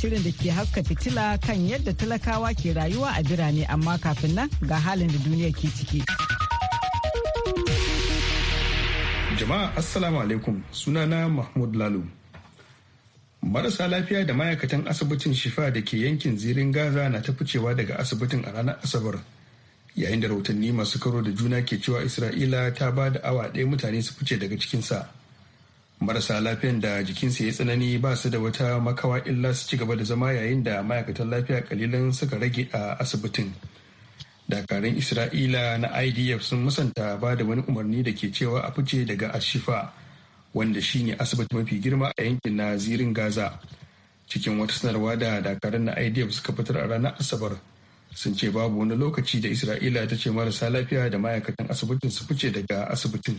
shirin da ke haska fitila kan yadda talakawa ke rayuwa a birane amma kafin nan ga halin da duniya ke ciki. Jama'a Assalamu alaikum sunana Mahmud Lalu. Marasa lafiya da ma'aikatan asibitin shifa da ke yankin zirin Gaza na ta ficewa daga asibitin a ranar Asabar. Yayin da rahotanni masu karo da juna ke cewa Isra'ila ta ba da awa ɗaya mutane su fice daga cikinsa. marasa lafiyan da jikinsu ya tsanani ba su da wata makawa illa su ci gaba da zama yayin da ma'aikatan lafiya kalilan suka rage a asibitin dakarun isra'ila na idf sun musanta ba da wani umarni da ke cewa a fice daga ashifa wanda shine asibiti mafi girma a yankin na zirin gaza cikin wata sanarwa da dakarun na idf suka fitar a ranar asabar sun ce babu wani lokaci da isra'ila ta ce marasa lafiya da ma'aikatan asibitin su fice daga asibitin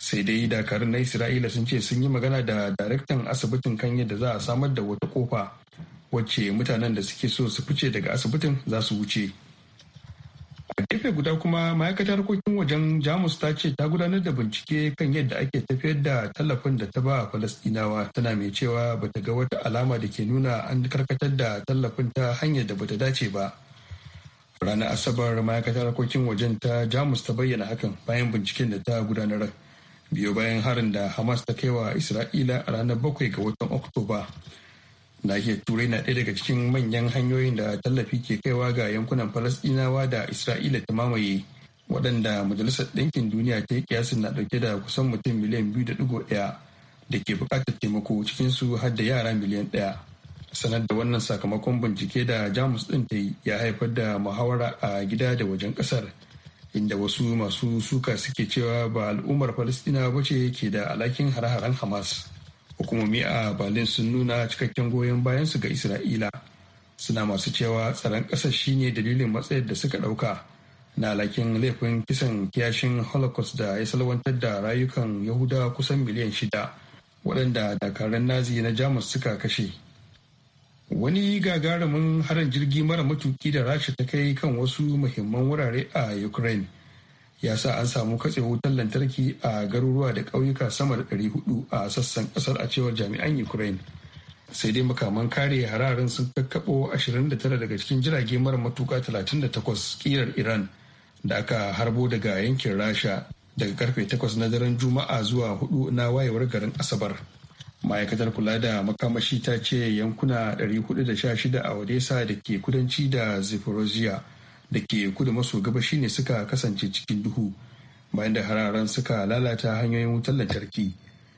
sai dai dakarun na isra'ila sun ce sun yi magana da daraktan asibitin kan yadda za a samar da wata kofa wacce mutanen da suke so su fice daga asibitin za su wuce a gefe guda kuma ma'aikatar harkokin wajen jamus ta ce ta gudanar da bincike kan yadda ake tafiyar da tallafin da ta ba a falastinawa tana mai cewa bata ga wata alama da ke nuna an karkatar da tallafin ta hanyar da bata dace ba ranar asabar ma'aikatar harkokin wajen ta jamus ta bayyana hakan bayan binciken da ta gudanar biyo bayan harin da hamas ta kai wa isra'ila a ranar bakwai ga watan oktoba nahiyar turai na ɗaya daga cikin manyan hanyoyin da tallafi ke kaiwa ga yankunan falastinawa da isra'ila ta mamaye waɗanda majalisar ɗinkin duniya ta yi kiyasin na ɗauke da kusan mutum miliyan biyu da ɗigo ɗaya da ke buƙatar taimako cikinsu har da yara miliyan ɗaya sanar da wannan sakamakon bincike da jamus ɗin ta yi ya haifar da muhawara a gida da wajen ƙasar inda wasu masu suka suke cewa ba al'ummar Falistina ba ce ke da alakin hare-haren Hamas. Hukumomi a Berlin sun nuna cikakken goyon bayansu ga Isra'ila. Suna masu cewa tsaron ƙasar shine dalilin matsayar da suka ɗauka na alakin laifin kisan kiyashin Holocaust da ya salwantar da rayukan Yahudawa kusan miliyan shida waɗanda dakarun Nazi na Jamus suka kashe. wani gagarumin harin jirgi mara matuki da rasha ta kai kan wasu muhimman wurare a ukraine ya sa an samu katse wutar lantarki a garuruwa da ƙauyuka sama da 400 a sassan ƙasar a cewar jami'an ukraine sai dai makaman kare hararin sun kakkaɓo 29 daga cikin jirage mara matuka 38 ƙirar iran da aka harbo daga yankin rasha daga karfe 8 na daren juma'a zuwa 4 na wayewar garin asabar ma'aikatar kula da makamashi ta ce yankuna 416 a odessa da ke kudanci da zaporozhia da ke kudu maso gabashi ne suka kasance cikin duhu bayan da hararen suka lalata hanyoyin wutar lantarki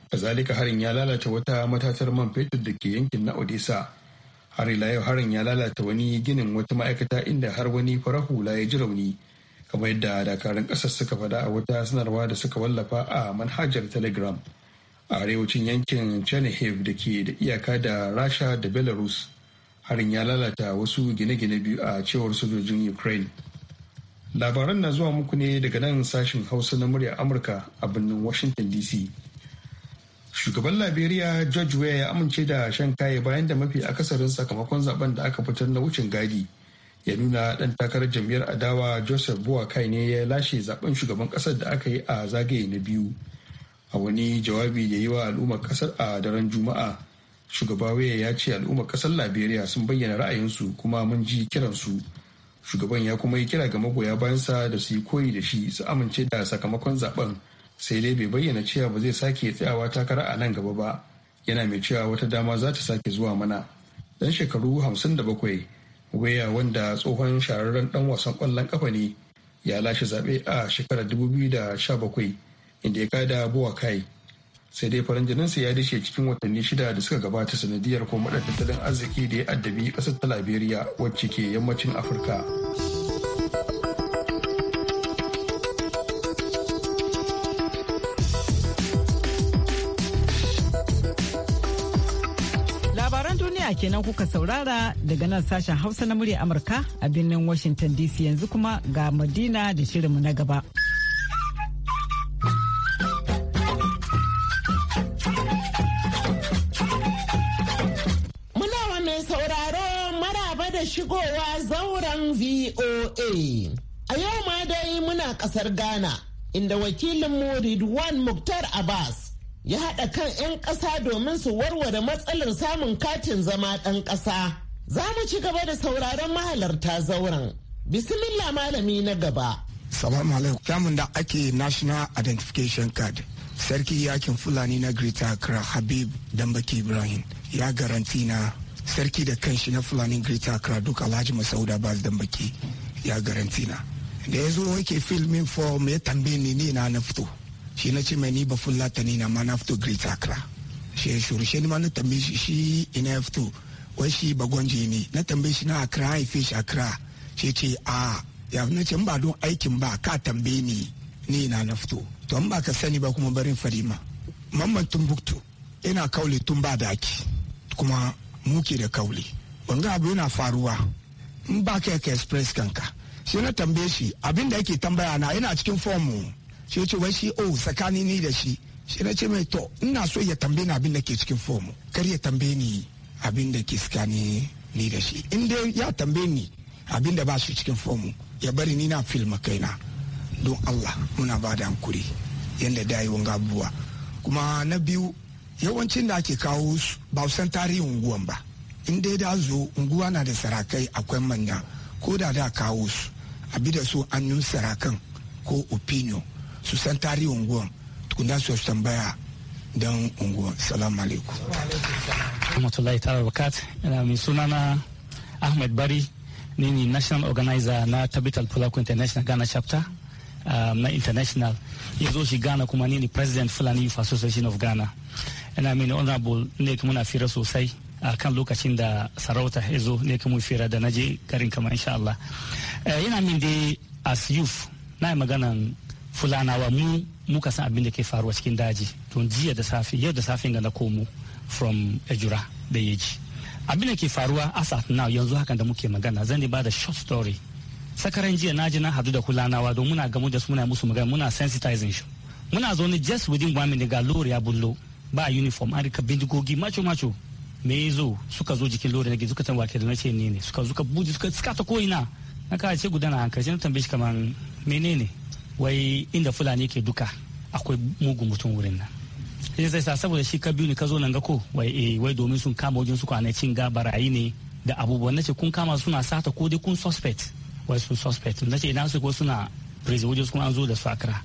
kazalika harin ya lalata wata matatar man fetur da ke yankin na odessa har ila yau harin ya lalata wani ginin wata ma'aikata inda har wani farahu hula ya ji rauni kamar yadda dakarun ƙasar suka faɗa a wata sanarwa da suka wallafa a manhajar telegram a arewacin yankin chernihiv da ke da iyaka da rasha da belarus harin ya lalata wasu gine-gine biyu a cewar sojojin ukraine labaran na zuwa muku ne daga nan sashen hausa na murya amurka a birnin washington dc shugaban liberia george weah ya amince da shan kaye bayan da mafi akasarin sakamakon zaben da aka fitar na wucin gadi ya nuna dan takarar jam'iyyar adawa joseph boakai ne ya lashe zaben shugaban kasar da aka yi a zagaye na biyu a wani jawabi da yi wa al'ummar kasar a daren juma'a shugaba waya ya ce al'ummar kasar liberia sun bayyana ra'ayinsu kuma mun ji kiransu shugaban ya kuma yi kira ga magoya bayansa da su yi koyi da shi su amince da sakamakon zaben sai dai bai bayyana cewa ba zai sake tsayawa takara a nan gaba ba yana mai cewa wata dama za ta sake zuwa mana dan shekaru hamsin da bakwai waya wanda tsohon shahararren dan wasan kwallon kafa ne ya lashe zaɓe a shekarar da 2017 inda ya kada abuwa kai sai dai farin jininsa ya dishe cikin watanni shida da suka gabata sanadiyar kuma tattalin arziki da ya addabi kasar ta liberia wacce ke yammacin afirka labaran duniya kenan kuka saurara daga nan sashen hausa na murya amurka a birnin washington dc yanzu kuma ga madina da shirinmu na gaba. A yau ma dai muna kasar Ghana inda wakilinmu Ridwan Muktar Abbas ya haɗa kan 'yan ƙasa domin su warware matsalar samun katin zama ɗan ƙasa. Za mu ci gaba da sauraron mahalarta zauren. Bismillah malami na gaba. Salamu alaikum. Samun da ake National Identification Card. Sarki yakin Fulani na Greater Accra Habib Dambaki Ibrahim ya garanti na sarki da kanshi na Fulani Greater Accra duk Alhaji Masauda bas Dambaki ya garanti na da ya zo wake filmin form ya tambaye ni ni na na fito shi na ce mai ni ba ta ni na ma na great accra shi ya shuru shi ma na tambaye shi shi ina ya wai shi bagwanji ne na tambaye shi na accra fi shi accra shi ce a ya na ce ba don aikin ba ka tambaye ni ni na na to an ba ka sani ba kuma barin farima mamman tumbuktu ina kauli tun ba daki kuma muke da kauli wanga abu yana faruwa in ba ka ka express kanka shi na tambaye shi abin da yake tambaya na yana cikin form shi ya ce wai shi oh tsakani ni da shi shi na ce mai to ina so ya tambaye ni abin da ke cikin form kar ya tambaye ni abin da ke tsakani ni da shi in dai ya tambaye ni abin da ba shi cikin form ya bari ni na film na don Allah muna ba da hankuri yanda da yi wanga abubuwa kuma na biyu yawancin da ake kawo ba san tarihin unguwan ba in dai da zo unguwa na da sarakai akwai manya ko da da kawo su a bi da su an yi sarakan ko opinion su san tarihi unguwan da su tambaya don unguwa salamu alaikum ina mai sunana ahmed bari ni ne national organizer na tabital polaco international ghana chapter um, na international ya zo shi ghana kuma ni ne president fulani youth association of ghana ina mini honorable ne kuma na fira sosai kan lokacin da sarauta ya zo ne kuma fira da naje garin kama insha Allah eh, yana min dai as youth na maganan fulanawa mu muka san abin da ke faruwa cikin daji to jiya da safe yau da safe ga na komo from ejura da yeji abin da ke faruwa as at now yanzu hakan da muke magana zan ba da short story sakaran jiya na ji na hadu da fulanawa don muna gamu da su muna musu magana muna sensitizing shi muna ni just within one minute ga lori ya bullo ba uniform an rika bindigogi macho macho me zo suka zo jikin lori na gizo suka tambake da nace ne ne suka ka buji suka suka ta koina na ka ce gudana hankali sai na tambaye shi kaman menene wai inda fulani ke duka akwai mugun mutum wurin nan sai sai sa saboda shi ka biyu ne ka zo nan ga ko wai eh wai domin sun kama wajen su kwanacin ga barayi ne da abubuwan nace kun kama suna sata ko dai kun suspect wai sun suspect nace idan su ko suna prison wajen kuma an zo da su akra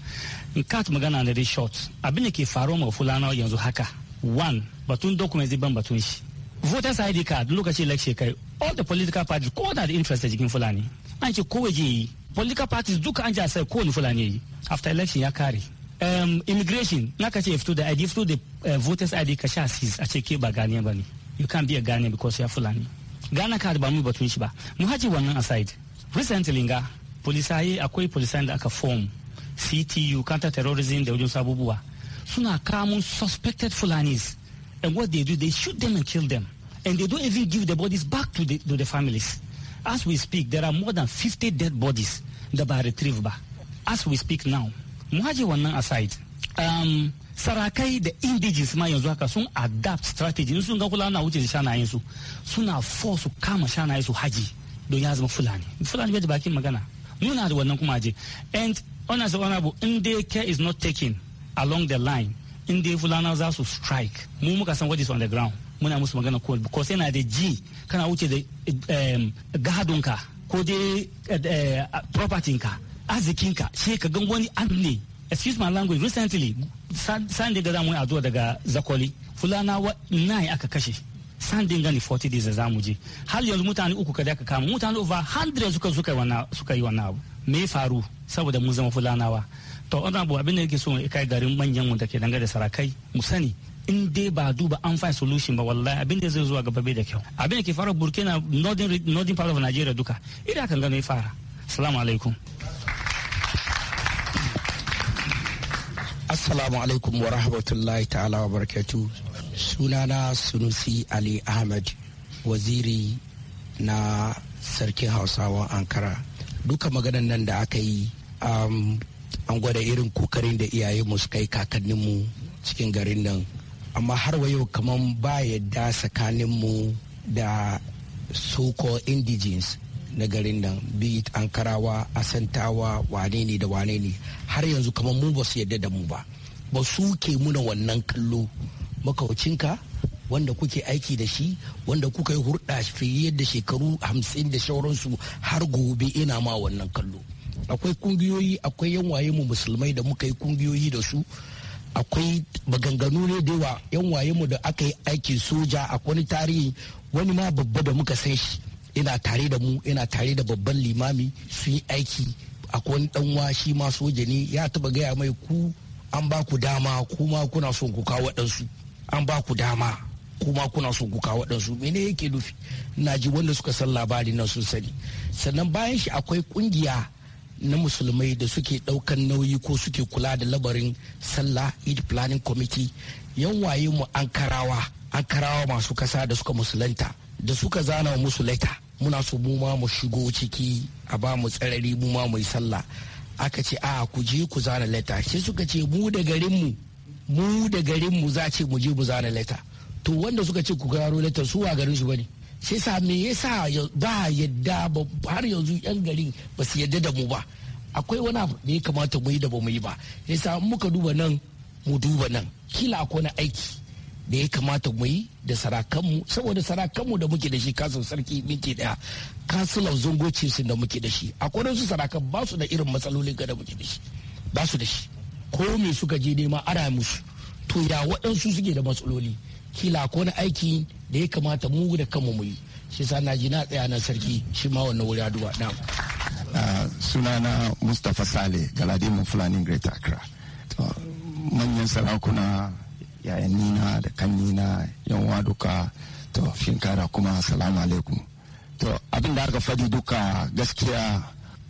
in kat magana na dai short abin da ke faruwa ma fulana yanzu haka one batun document zai ban batun shi voters id card lokaci election kai all the political parties ko da interest a jikin fulani an ce kowa je yi political parties duka an jasa ni fulani yi after election ya kare um, immigration na ka ce fito da id fito da uh, voters id ka sha sis a ce ke ba ganiya ba ne you can't be a ganiya because ya fulani gana card ba mu batun shi ba mu haji wannan aside recently nga polisaye akwai polisayen da aka form ctu counter terrorism da wajen sabubuwa suna kamun suspected Fulanis. And what they do, they shoot them and kill them. And they don't even give the bodies back to the, to the families. As we speak, there are more than 50 dead bodies da ba retrieve ba. As we speak now, mu wannan aside. Um, sarakai da indigens ma yanzu haka sun adapt strategy in sun ga kula na wuce shanayen su suna force su kama shanayen su haji don ya zama fulani fulani bai da bakin magana muna da wannan kuma je and honest honorable in dai care is not taken along the line in dai fulana za su strike mu muka san what is on the ground muna musu magana ko because na da ji kana wuce da ka ko dai eh, eh, property ka shi ka gan wani an ne excuse my language recently sunday da zamu yi addu'a daga zakoli fulana wa nine aka kashe sunday gani 40 days za mu je har yanzu mutane uku kada ka kama mutane over 100 suka suka yi wannan abu me faru saboda mun zama fulanawa to ana bu abin da yake so ya kai garin manyan mu da ke dangane da sarakai mu sani in dai ba duba an fa solution ba wallahi abin da zai zuwa gaba bai da kyau abin da ke fara burkina northern northern part of nigeria duka ina kan gano ya fara assalamu alaikum assalamu alaikum wa rahmatullahi ta'ala wa barakatu sunana sunusi ali Ahmed waziri na sarkin hausawa ankara duka maganan nan da aka yi um, an gwada irin kokarin da iyayenmu su kai kakanninmu cikin garin nan amma har wa yau kamar ba yadda tsakaninmu da so-called indigens na garin nan bi ankarawa asantawa wane ne da wane ne har yanzu kamar mu ba su yadda da mu ba ba su ke muna wannan kallo makaucinka wanda kuke aiki da shi wanda kuka yi hurɗa fiye da shekaru hamsin da shauransu har gobe ina ma wannan kallo akwai kungiyoyi akwai yan waye mu musulmai da muka yi kungiyoyi da su akwai maganganu ne da yawa yan waye mu da aka yi aikin soja a wani tarihi wani ma babba da muka san shi ina tare da mu ina tare da babban limami sun yi aiki akwai wani wa shi ma soja ne ya taba gaya mai ku an ba ku dama kuma kuna son ku kawo waɗansu an ba ku dama kuma kuna son ku kawo waɗansu mene yake nufi na ji wanda suka san labarin nan sun sani sannan bayan shi akwai kungiya na musulmai da suke ɗaukan nauyi ko suke kula da labarin sallah eid planning committee yan waye mu ankarawa ankarawa masu kasa da suka musulanta. da suka zana musu leta. muna so mu ma mu shigo ciki a ba mu tsarari mu ma mu yi sallah aka ce a ku je ku zana leta sai suka ce mu da garin mu mu da garin mu za ce mu je mu zana leta to wanda suka ce ku gano leta su wa garin su bane shi sa me yasa ba yadda har yanzu yan garin ba su yadda da mu ba akwai wani abu da ya kamata mu yi da ba mu yi ba yasa in muka duba nan mu duba nan kila akwai wani aiki da ya kamata mu yi da sarakanmu saboda sarakanmu da muke da shi kasan sarki minti daya zungoci sun da muke da shi akwai su sarakan ba su da irin matsalolin da muke da shi ba su da shi ko me suka je nema ara musu to ya waɗansu suke da matsaloli kila ko na aiki da ya kamata mu da kanmu mu yi shi sa na ji na tsaya na sarki shi ma wannan wuri aduwa na ah, sunana mustapha sale Galadima fulani great accra manyan sarakuna yayan nina da kan nina yan duka to shinkara kuma salamu alaikum to abin da aka fadi duka gaskiya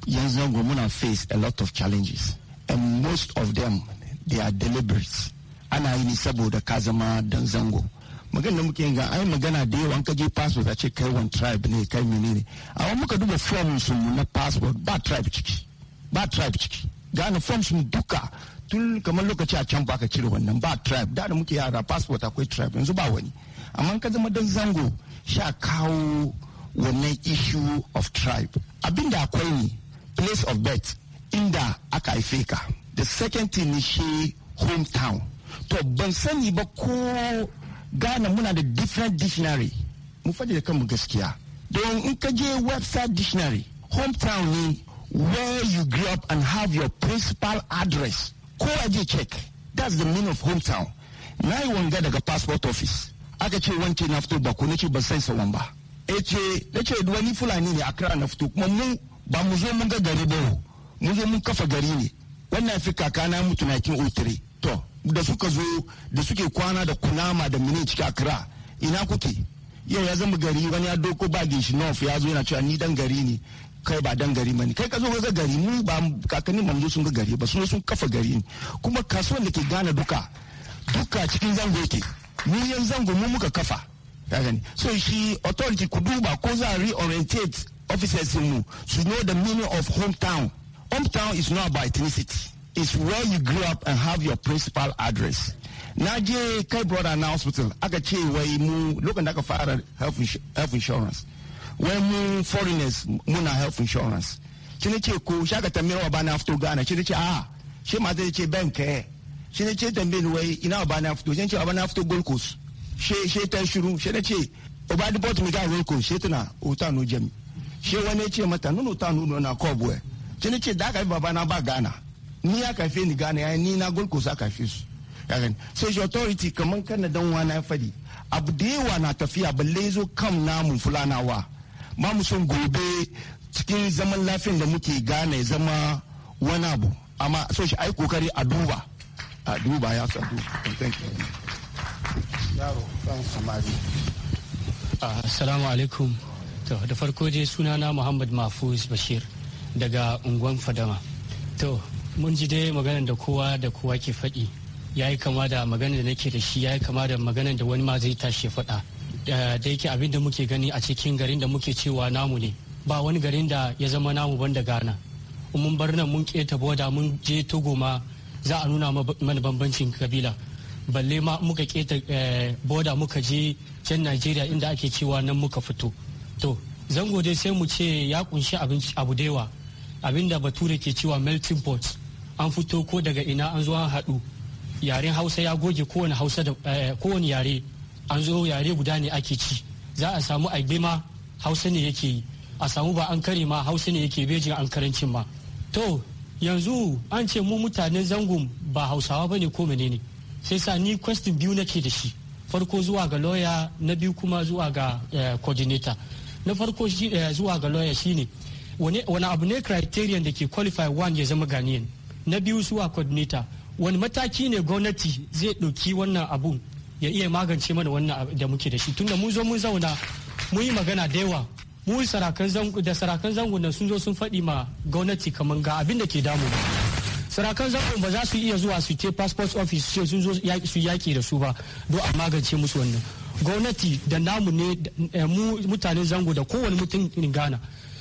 yanzu muna face a lot of challenges and most of them they are deliberate ana yi ne saboda ka zama dan zango magana muke yin ga ai magana da yawan ka je passport a ce kai wani tribe ne kai ne amma muka duba form su na passport ba tribe ciki ba tribe ciki gane form su duka tun kamar lokaci a can baka cire wannan ba tribe da da muke yara passport akwai tribe yanzu ba wani amma ka zama dan zango sha kawo wannan issue of tribe abinda akwai ne place of birth inda aka haife ka the second thing ne shi hometown to ban sani ba ko ghana muna da different dictionary mu faɗi da kanmu gaskiya don in ka je website dictionary hometown ne where you grew up and have your principal address ko a je check that's the meaning of hometown na yi wanga daga passport office aka ce wance na fito ba ko nace ban san sawan ba e ce nace wani fulani ne akra na fito kuma mu ba mu zo mun ga gari ba mu zo mun kafa gari ne wannan fi kakana mutu na kin oh to da suka zo da suke kwana da kunama da mini ciki kira. ina kuke yau ya zama gari wani ya doko ba shi nof ya zo yana cewa ni dan gari ne kai ba dan gari bane kai ka zo ga gari mu ba kakannin mu sun ga gari ba sun sun kafa gari ne kuma kasuwan da ke gane duka duka cikin zango yake mu yan zango mu muka kafa ka gani so shi authority ku duba ko za reorientate officers mu to know the meaning of hometown hometown is not about ethnicity is where you grew up and have your principal address. Na je kai brother na hospital aka ce wai mu lokacin da aka fara health insurance. Wai mu foreigners muna health insurance. Shi ne ce ko shaka tambayar wa bana fito Ghana shi ne ce a shi ma zai ce ban ka Shi ne ce tambayar wai ina wa bana fito shi ne ce wa bana fito Gold Coast. She she ta shiru shi ne ce obadi bot mi ga Gold Coast she tana ota no jami. She wani ce mata nuno ta nuno na kobo. Shi ne ce da aka yi babana ba gana. ni ya kafe ni gane ya ni na gulko sa kafe su gani sai shi authority kaman kana dan wani ya fadi abu da yawa na tafiya balle zo kam namu fulanawa ba mu son gobe cikin zaman lafiyan da muke gane zama wani abu amma so shi ai kokari a duba a duba ya sa duba yaro dan samari ah, assalamu alaikum to da farko dai sunana muhammad mafuz bashir daga unguwan fadama to mun ji dai magana da kowa da kowa ke faɗi ya yi kama da maganar da nake da shi ya yi kama da magana da wani ma zai tashi faɗa da yake abin da muke gani a cikin garin da muke cewa namu ne ba wani garin da ya zama namu banda gana mun bar nan mun keta boda mun je togo ma za a nuna mana bambancin kabila balle ma muka keta eh, boda muka je can najeriya inda ake cewa nan muka fito to zango dai sai mu ce ya kunshi abu da yawa abinda bature ke cewa melting pot an fito ko daga ina an zo an haɗu yaren hausa ya goge kowane hausa da eh, kowane yare an zo yare guda ne ake ci za a samu agbe ma hausa ne yake yi a samu ba an kare ma hausa ne yake bejin an karancin ma to yanzu an ce mu mutanen zangon ba hausawa ba ne ko menene sai sa ni question biyu nake da shi farko zuwa ga lawyer na biyu kuma zuwa ga eh, coordinator na farko eh, zuwa ga lawyer shine wani abu ne criterion da ke qualify one ya zama ganiyan na biyu zuwa coordinator wani mataki ne gwamnati zai ɗauki wannan abu ya iya magance mana wannan da muke da shi tunda mun zo mun zauna mun yi magana da yawa mu sarakan zango da sarakan zango sun zo sun faɗi ma gwamnati kamar ga abin da ke damu sarakan zango ba za su iya zuwa su ce passport office ce sun zo su yaki da su ba don a magance musu wannan gwamnati da namu ne eh, mu mutanen zango da kowane mutum in gana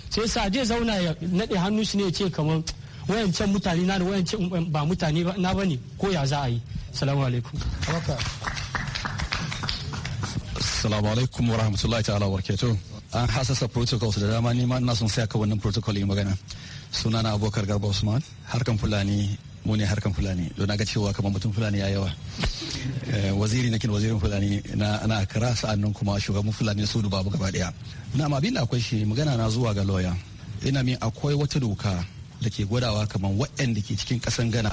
sai sa zai zauna ya naɗe hannu shi ne ya ce kamar wayancan mutane na da wayancan um, ba mutane na ba ne ko ya za a yi salamu alaikum salamu alaikum wa rahmatullahi ta'ala wa an hasasa protocols da dama nima ina son sai ka wannan protocol yi magana suna na abokar garba usman harkan fulani mu ne harkan fulani don ga cewa kamar mutum fulani ya yawa eh, waziri na kin wazirin fulani na ana kira sa'annan kuma shugaban fulani su babu gaba daya na ma bin da akwai shi magana na zuwa ga lawyer ina min akwai wata doka da ke gwadawa kamar waɗanda ke cikin ƙasan gana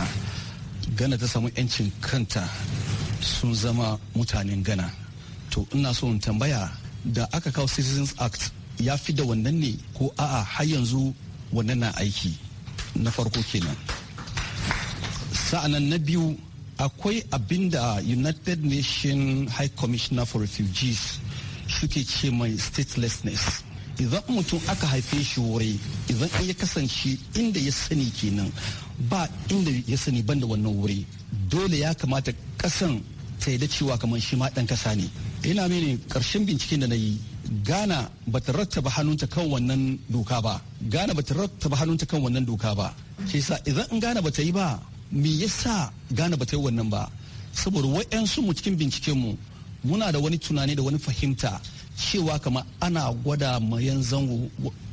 gana ta samu 'yancin kanta sun zama mutanen gana to ina so in tambaya da aka kawo Citizens Act ya fi da wannan ne ko a'a har yanzu wannan na aiki na farko kenan sa'anan na biyu akwai abin da united nations high commissioner for refugees suke ce mai statelessness idan mutum aka haife shi wuri idan an ya kasance inda ya sani kenan ba inda ya sani banda wannan wuri dole ya kamata kasan ta da cewa kamar shi ma dan kasa ne ina mene karshen binciken da na yi gana ba ta rattaba hannunta kan wannan doka ba gana ba ta rattaba hannunta kan wannan doka ba shi sa idan in gana ba ta yi ba me yasa gana ba ta yi wannan ba saboda wa'yansu mu cikin binciken mu muna da wani tunani da wani fahimta cewa kama ana gwada mayan zango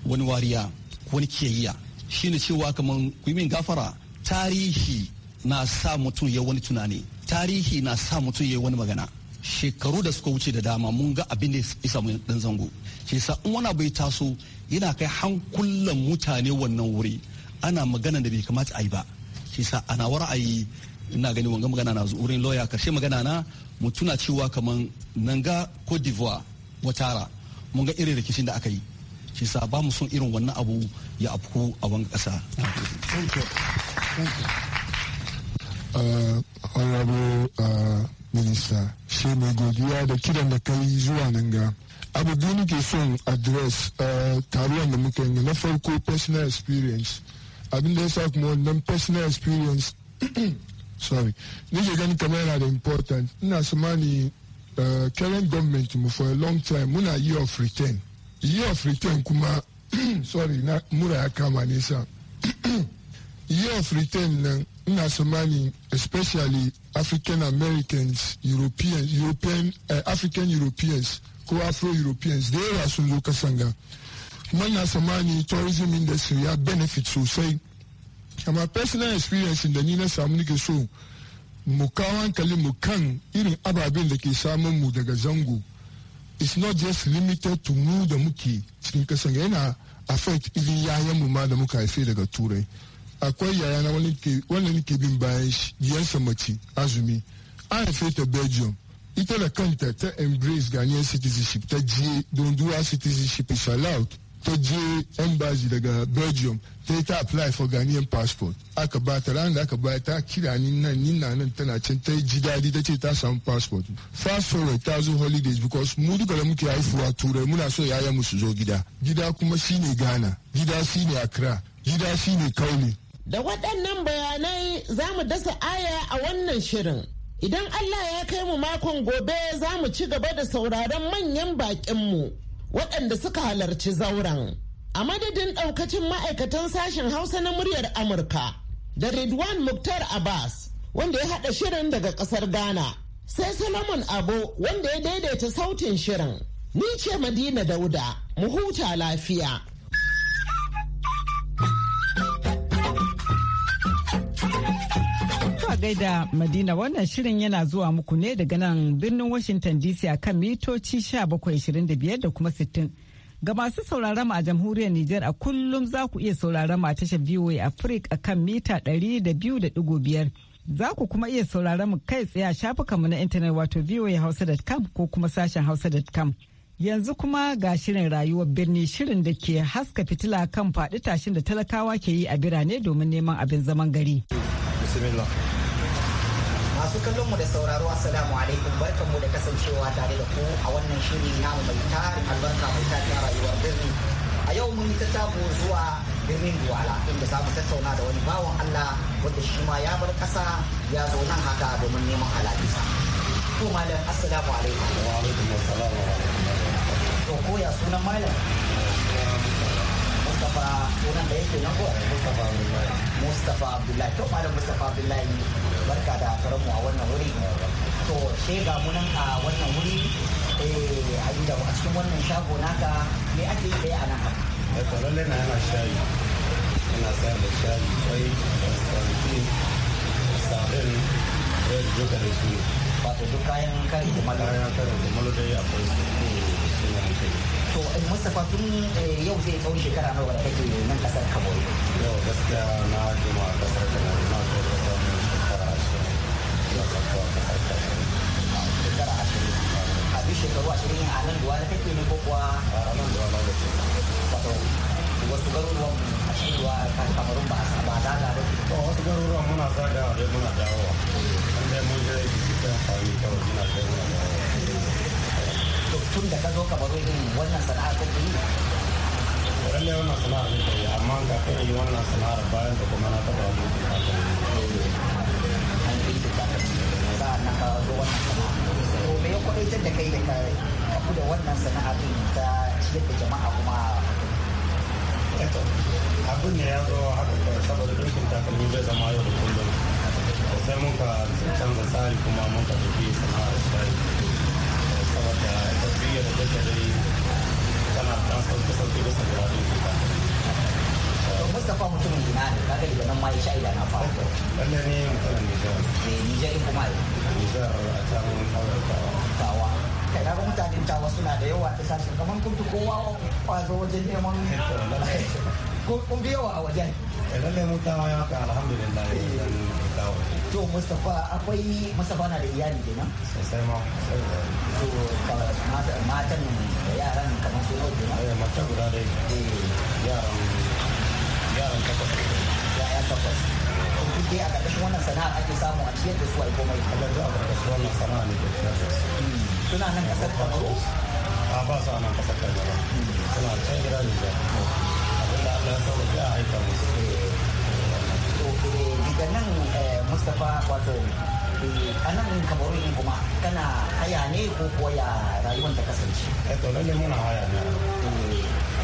wani wariya wani kiyayya shine cewa kaman min gafara tarihi na sa mutum ya wani tunani tarihi na sa mutum ya wani magana shekaru da suka wuce da dama mun ga abin da ya samu dan zango shi sa in wani bai taso yana kai hankulan mutane wannan wuri ana magana da bai kamata a yi ba shi sa ana ra'ayi ina gani wanga magana na wurin lawyer karshe magana na mu tuna cewa kamar ga cote d'ivoire watara mun ga irin rikicin da aka yi shi sa ba mu son irin wannan abu ya afku a wani ƙasa. Uh, honorable uh, shi mai godiya da kiran da kai zuwa nan ga abu biyu nake son address uh, taruwan da muka yi na farko personal experience abin da ya sa kuma wannan personal experience sorry nake ganin kamar yana important ina money uh, current government for a long time muna year of return year of return kuma sorry na mura ya nisa year of return nan money especially african americans european european uh, african europeans ko afro europeans They are sun zo kasan ga kuma na tourism industry ya benefit sosai amma personal experience da ni na samu nake so mu kawo hankali mu kan irin ababen da ke samun mu daga zango it's not just limited to mu da muke cikin kasan yana affect irin yayan mu ma da muka haife daga turai akwai yaya na wani nake bin bayan diyarsa mace azumi a haife ta belgium ita da kanta ta embrace ghanaian citizenship ta je don duwa citizenship is allowed ta je embassy daga belgium ta yi ta apply for ghanaian passport aka ba ta ranar da aka ba ta kira ni nan ni na nan tana can ta ji daɗi ta ce ta samu passport fast forward ta zo holidays because mu duka da muke haifuwa turai muna so yaya mu su zo gida gida kuma shine ghana gida shine accra gida shine kauli da waɗannan bayanai za mu dasa aya a wannan shirin idan allah ya kai mu makon gobe za mu ci gaba da sauraron manyan baƙin mu waɗanda suka halarci zauren. A madadin ɗaukacin ma'aikatan sashen Hausa na muryar Amurka da Ridwan Muktar Abbas wanda ya haɗa shirin daga ƙasar Ghana. Sai Solomon Abo wanda ya daidaita sautin shirin. Ni ce Madina Dauda, mu huta lafiya. gaida Madina wannan shirin yana zuwa muku ne daga nan birnin Washington DC a kan mitoci 1725 da kuma 60. Ga masu sauraron mu a jamhuriyar Nijar a kullum za ku iya sauraron mu a tashar VOA Africa a kan mita 200.5. Za ku kuma iya sauraron mu kai tsaye a mu na intanet wato voahausa.com ko kuma sashen hausa.com. Yanzu kuma ga shirin rayuwar birni shirin da ke haska fitila kan faɗi tashin da talakawa ke yi a birane domin neman abin zaman gari. Bismillah. masu kallon mu da sauraro assalamu alaikum barkanmu da kasancewa tare da ku a wannan shiri namu mai tarin albarka mai tarin rayuwar birni a yau mun ta tabo zuwa birnin Duwala inda za mu tattauna da wani bawan Allah wanda shi ma ya bar kasa ya zo nan haka domin neman halalisa. ko malam assalamu alaikum. Wa alaikum assalam wa To koya sunan malam? Mustapha sunan da yake nan ko Mustapha Abdullahi Mustapha Abdullahi to malam Mustafa Abdullahi barka da karamu a wannan wuri to she ga mu nan a wannan wuri eh a inda a cikin wannan shago naka me ake yi dai a nan haka eh to lalle na yana shayi ina sayar da shayi kai da sanki sabin da duka da su wato duk kayan karin da kayan karin kumalo da akwai su sai ya to mustapha tun yau zai tsawon shekara nawa da kake nan kasar kabori yau gaskiya na jima kasar kabori na so kasar shekara ashirin yau a kasar kabori shekara ashirin a bi shekaru ashirin a nan duwa da kake ne ko kuwa a nan duwa na da ke wato wasu garuruwan a cikin duwa kamarun ba ba zaga ba to wasu garuruwan muna zaga a muna dawowa an dai mun je bisikin amfani kawai muna dai muna dawowa tun da ka zo ka baro yin wannan sana'a ko ku yi lalle wannan sana'a ne kai amma ga kai yi wannan sana'ar bayan da kuma na taba wani kuma ta yi an yi su ka sa'a na ka zo wannan sana'a ko me ya kwadaitar da kai da ka kafu da wannan sana'a din ta ciyar da jama'a kuma eh abin ne ya zo haka kawai saboda dukkan takalmi bai zama yau da kullum sai mun ka canza tsari kuma muka tafi sana'ar tsari saboda tafiyar da ta dai ɗan mutumin gina ne, kaga daga nan ma ya yi? Nijar eh, suna da yawa ta sashen kamar a wajen. Eh, lallai mutawa ya to mustapha akwai mustapha na da iyali kenan sosai ma to matan da yaran kamar su nau kenan eh, matan guda dai eh. yaran yaran takwas yaran takwas duk dai a ƙarƙashin wannan sana'a ake samu a ciyar da su a yi komai a yanzu a ƙarƙashin wannan sana'a ne hmm. suna nan ƙasar kamaru a ba su a nan ƙasar kamaru hmm. suna can gida ne da abinda allah ya sauka a aika musu eh. daga nan mustapha wato a nan kamaru din kuma kana haya ne ko kuwa ya rayuwar ta kasance eh to lalle muna haya ne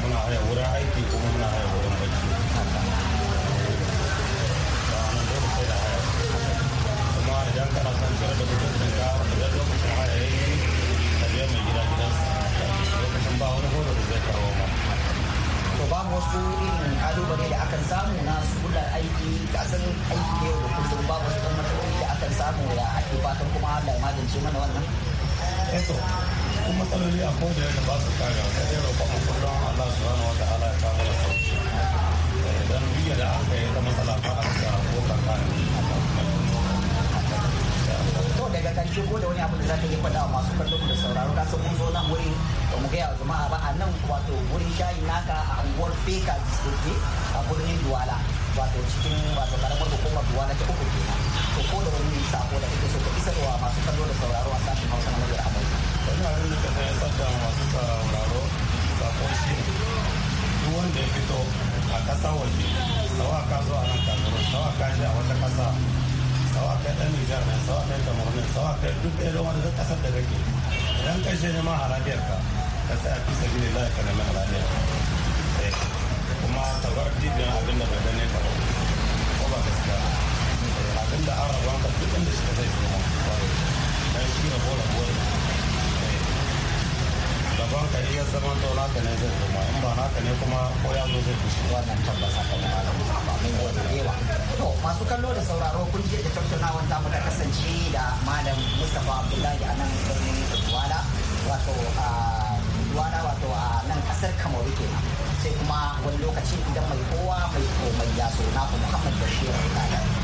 muna haya wurin aiki kuma muna haya wurin baki idan kana son kira da mutuncin ka idan lokacin haya yayi ka je mai gida gidansa lokacin ba wani horo da zai kawo ba to babu wasu irin kalubale da akan samu na sukular aiki san aiki yau da kullum babu wasu matsaloli da akan samu da ake fatan kuma Allah ya magance mana wannan eto kuma matsaloli a koda yadda ba su kare a kan yaro ba kullum Allah subhanahu wataala ya kawo sauki dan biya da aka yi ta matsala ba a ga ko kan kare to daga karshe ko da wani abu da zaka yi faɗa masu kallon da sauraro ka san mun zo nan wuri ba mu gaya jama'a ba a nan wato wurin shayi naka a unguwar beka diskoke a birnin duwala wato cikin wato karamar hukumar duwala ta uku k'e to ko da wani ko da kake so ka wa masu kallo da sauraro a sashen hausa na majalar amurka wannan abin da ka sayar da masu sauraro sakon shi duk wanda ya fito a ƙasa waje sawa ka zo a nan kasuwar sawa ka shi a wata ƙasa sawa kai ɗan nijar ne sawa kai kamaru ne sawa kai duk ɗaya wani ƙasar da kake idan kai shi ne harabiyar ka ka sai a fi sabi da zai kana mai halaliya kuma tabar dibiyar abin da bai gane ka ba ko ba gaskiya abin da an rabuwa ka duk inda shi ka zai suna dan shi rabo rabo gaban ka iya zama to naka ne zai kuma in ba naka ne kuma ko ya zo zai fushi wannan tabbasa ka da malam ba mun gode da yawa to masu kallo da sauraro kun je da tattaunawar ta muka kasance da malam mustapha Abdullahi a nan birnin Kuwala wato a uh, na wato a nan kasar kamaru kenan sai kuma wani lokaci idan mai kowa mai komai ya so na ku muhammad bashir